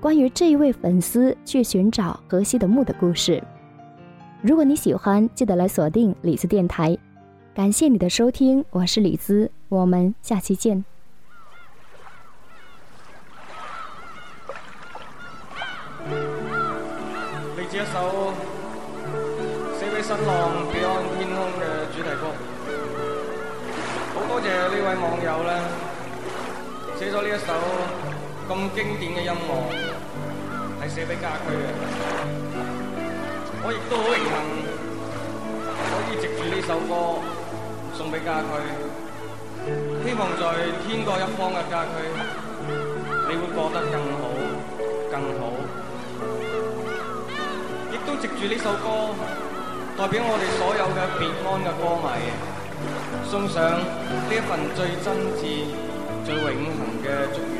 關於這一位粉絲去尋找荷西的墓的故事，如果你喜歡，記得來鎖定李子電台。感謝你的收聽，我是李子，我們下期見。嚟接一首寫俾新浪 Beyond 天空嘅主題曲，好多謝呢位網友啦！寫咗呢一首咁經典嘅音樂。係寫俾家駒嘅，我亦都好榮幸，可以藉住呢首歌送俾家駒，希望在天各一方嘅家駒，你會過得更好，更好。亦都藉住呢首歌，代表我哋所有嘅 Beyond 嘅歌迷，送上呢一份最真摯、最永恆嘅祝願。